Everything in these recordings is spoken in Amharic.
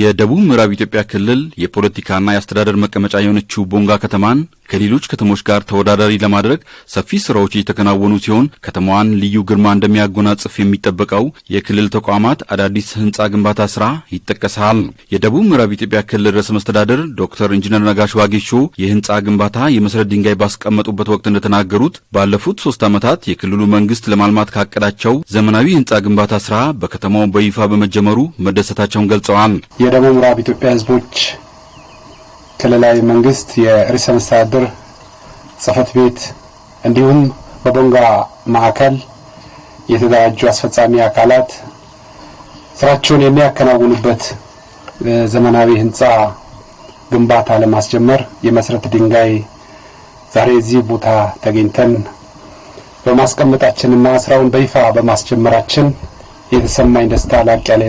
የደቡብ ምዕራብ ኢትዮጵያ ክልል የፖለቲካና የአስተዳደር መቀመጫ የሆነችው ቦንጋ ከተማን ከሌሎች ከተሞች ጋር ተወዳዳሪ ለማድረግ ሰፊ ስራዎች እየተከናወኑ ሲሆን ከተማዋን ልዩ ግርማ እንደሚያጎናጽፍ የሚጠበቀው የክልል ተቋማት አዳዲስ ህንፃ ግንባታ ስራ ይጠቀሳል። የደቡብ ምዕራብ ኢትዮጵያ ክልል ርዕሰ መስተዳደር ዶክተር ኢንጂነር ነጋሽ ዋጌሾ የህንፃ ግንባታ የመሰረት ድንጋይ ባስቀመጡበት ወቅት እንደተናገሩት ባለፉት ሶስት ዓመታት የክልሉ መንግስት ለማልማት ካቀዳቸው ዘመናዊ ህንፃ ግንባታ ስራ በከተማው በይፋ በመጀመሩ መደሰታቸውን ገልጸዋል። የደቡብ ምዕራብ ኢትዮጵያ ህዝቦች ክልላዊ መንግስት የርዕሰ መስተዳድር ጽህፈት ቤት እንዲሁም በቦንጋ ማዕከል የተደራጁ አስፈጻሚ አካላት ስራቸውን የሚያከናውኑበት ዘመናዊ ህንፃ ግንባታ ለማስጀመር የመሰረት ድንጋይ ዛሬ እዚህ ቦታ ተገኝተን በማስቀመጣችንና ስራውን በይፋ በማስጀመራችን የተሰማኝ ደስታ ላቅ ያለ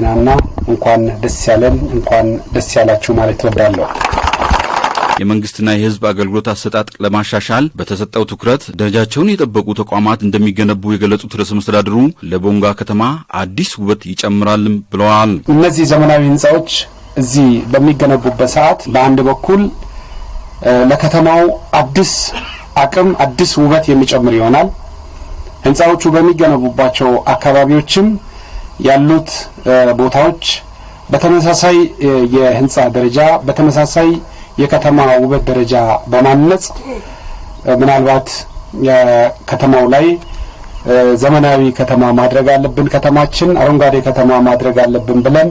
እንኳን ደስ ያለን፣ እንኳን ደስ ያላችሁ ማለት እወዳለሁ። የመንግስትና የህዝብ አገልግሎት አሰጣጥ ለማሻሻል በተሰጠው ትኩረት ደረጃቸውን የጠበቁ ተቋማት እንደሚገነቡ የገለጹት ርዕሰ መስተዳድሩ ለቦንጋ ከተማ አዲስ ውበት ይጨምራልም ብለዋል። እነዚህ ዘመናዊ ህንፃዎች እዚህ በሚገነቡበት ሰዓት በአንድ በኩል ለከተማው አዲስ አቅም፣ አዲስ ውበት የሚጨምር ይሆናል። ህንፃዎቹ በሚገነቡባቸው አካባቢዎችም ያሉት ቦታዎች በተመሳሳይ የህንፃ ደረጃ በተመሳሳይ የከተማ ውበት ደረጃ በማነጽ ምናልባት ከተማው ላይ ዘመናዊ ከተማ ማድረግ አለብን፣ ከተማችን አረንጓዴ ከተማ ማድረግ አለብን ብለን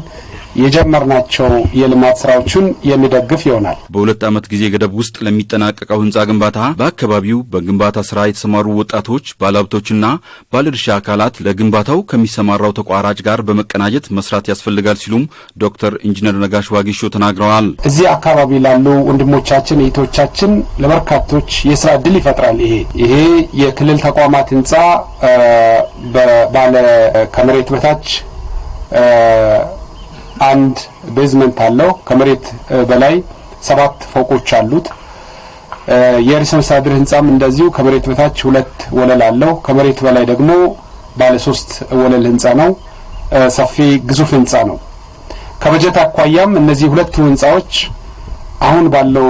የጀመርናቸው የልማት ስራዎችን የሚደግፍ ይሆናል። በሁለት ዓመት ጊዜ ገደብ ውስጥ ለሚጠናቀቀው ህንፃ ግንባታ በአካባቢው በግንባታ ስራ የተሰማሩ ወጣቶች፣ ባለሀብቶችና ባለድርሻ አካላት ለግንባታው ከሚሰማራው ተቋራጭ ጋር በመቀናጀት መስራት ያስፈልጋል ሲሉም ዶክተር ኢንጂነር ነጋሽ ዋጌሾ ተናግረዋል። እዚህ አካባቢ ላሉ ወንድሞቻችን እህቶቻችን ለበርካቶች የስራ እድል ይፈጥራል። ይሄ ይሄ የክልል ተቋማት ህንፃ ባለ ከመሬት በታች አንድ ቤዝመንት አለው። ከመሬት በላይ ሰባት ፎቆች አሉት። የርዕሰ መስተዳድር ህንጻም እንደዚሁ ከመሬት በታች ሁለት ወለል አለው። ከመሬት በላይ ደግሞ ባለ ሶስት ወለል ህንጻ ነው። ሰፊ ግዙፍ ህንጻ ነው። ከበጀት አኳያም እነዚህ ሁለቱ ህንጻዎች አሁን ባለው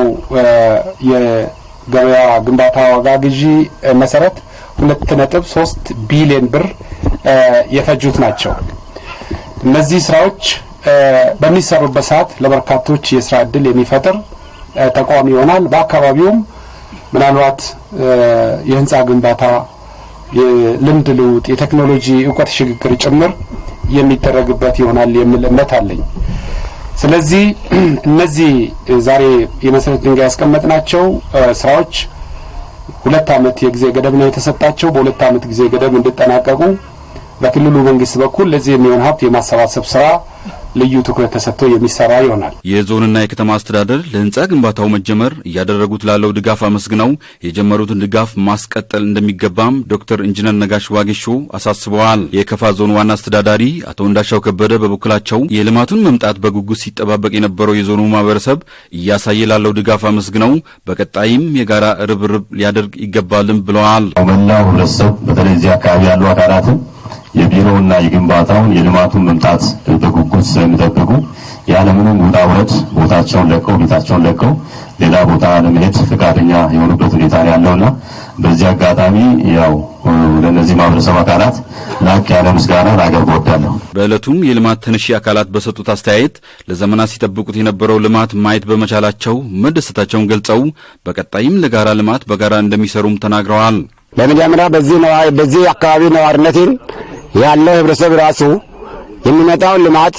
የገበያ ግንባታ ዋጋ ግዢ መሰረት ሁለት ነጥብ ሶስት ቢሊዮን ብር የፈጁት ናቸው። እነዚህ ስራዎች በሚሰሩበት ሰዓት ለበርካቶች የስራ እድል የሚፈጥር ተቋም ይሆናል። በአካባቢውም ምናልባት የህንፃ ግንባታ የልምድ ልውጥ፣ የቴክኖሎጂ እውቀት ሽግግር ጭምር የሚደረግበት ይሆናል የሚል እምነት አለኝ። ስለዚህ እነዚህ ዛሬ የመሰረት ድንጋይ ያስቀመጥናቸው ስራዎች ሁለት ዓመት የጊዜ ገደብ ነው የተሰጣቸው። በሁለት ዓመት ጊዜ ገደብ እንዲጠናቀቁ በክልሉ መንግስት በኩል ለዚህ የሚሆን ሀብት የማሰባሰብ ስራ ልዩ ትኩረት ተሰጥቶ የሚሰራ ይሆናል። የዞንና የከተማ አስተዳደር ለህንፃ ግንባታው መጀመር እያደረጉት ላለው ድጋፍ አመስግነው የጀመሩትን ድጋፍ ማስቀጠል እንደሚገባም ዶክተር ኢንጂነር ነጋሽ ዋጌሾ አሳስበዋል። የከፋ ዞን ዋና አስተዳዳሪ አቶ እንዳሻው ከበደ በበኩላቸው የልማቱን መምጣት በጉጉት ሲጠባበቅ የነበረው የዞኑ ማህበረሰብ እያሳየ ላለው ድጋፍ አመስግነው በቀጣይም የጋራ ርብርብ ሊያደርግ ይገባልም ብለዋል። መላው ህብረተሰብ በተለይ እዚህ አካባቢ ያሉ አካላትም የቢሮውና የግንባታውን የልማቱን መምጣት በጉጉት ያለምንም ውጣ ውረድ ቦታቸውን ለቀው ቤታቸውን ለቀው ሌላ ቦታ ለመሄድ ፈቃደኛ የሆኑበት ሁኔታ ነው ያለውና በዚህ አጋጣሚ ያው ለእነዚህ ማህበረሰብ አካላት ላቅ ያለ ምስጋና ላቀርብ እወዳለሁ። በዕለቱም የልማት ተነሺ አካላት በሰጡት አስተያየት ለዘመናት ሲጠብቁት የነበረው ልማት ማየት በመቻላቸው መደሰታቸውን ገልጸው በቀጣይም ለጋራ ልማት በጋራ እንደሚሰሩም ተናግረዋል። ለመጀመሪያ በዚህ አካባቢ ነዋሪነቴን ያለው ህብረተሰብ ራሱ የሚመጣውን ልማት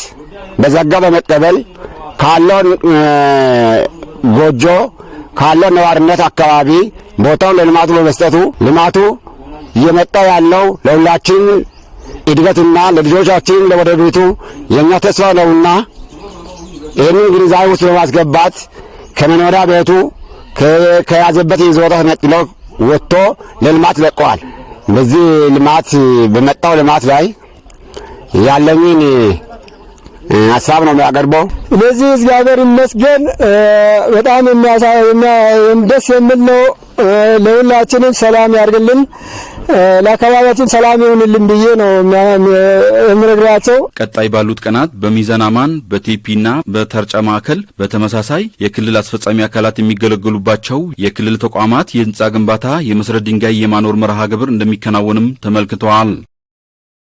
በዘጋ በመቀበል ካለው ጎጆ ካለው ነዋሪነት አካባቢ ቦታውን ለልማቱ በመስጠቱ ልማቱ እየመጣ ያለው ለሁላችን እድገትና ለልጆቻችን ለወደፊቱ የእኛ ተስፋ ነውና ይህንን ግንዛቤ ውስጥ በማስገባት ከመኖሪያ ቤቱ ከያዘበት ይዞታ ነጥሎ ወጥቶ ለልማት ለቀዋል። በዚህ ልማት በመጣው ልማት ላይ ያለኝን ሀሳብ ነው የሚያቀርበው። ስለዚህ እግዚአብሔር ይመስገን በጣም ደስ የሚል ነው። ለሁላችንም ሰላም ያርግልን፣ ለአካባቢያችን ሰላም ይሁንልን ብዬ ነው የምነግራቸው። ቀጣይ ባሉት ቀናት በሚዛን አማን በቴፒና በተርጫ ማዕከል በተመሳሳይ የክልል አስፈጻሚ አካላት የሚገለገሉባቸው የክልል ተቋማት የህንፃ ግንባታ የመሰረት ድንጋይ የማኖር መርሃ ግብር እንደሚከናወንም ተመልክተዋል።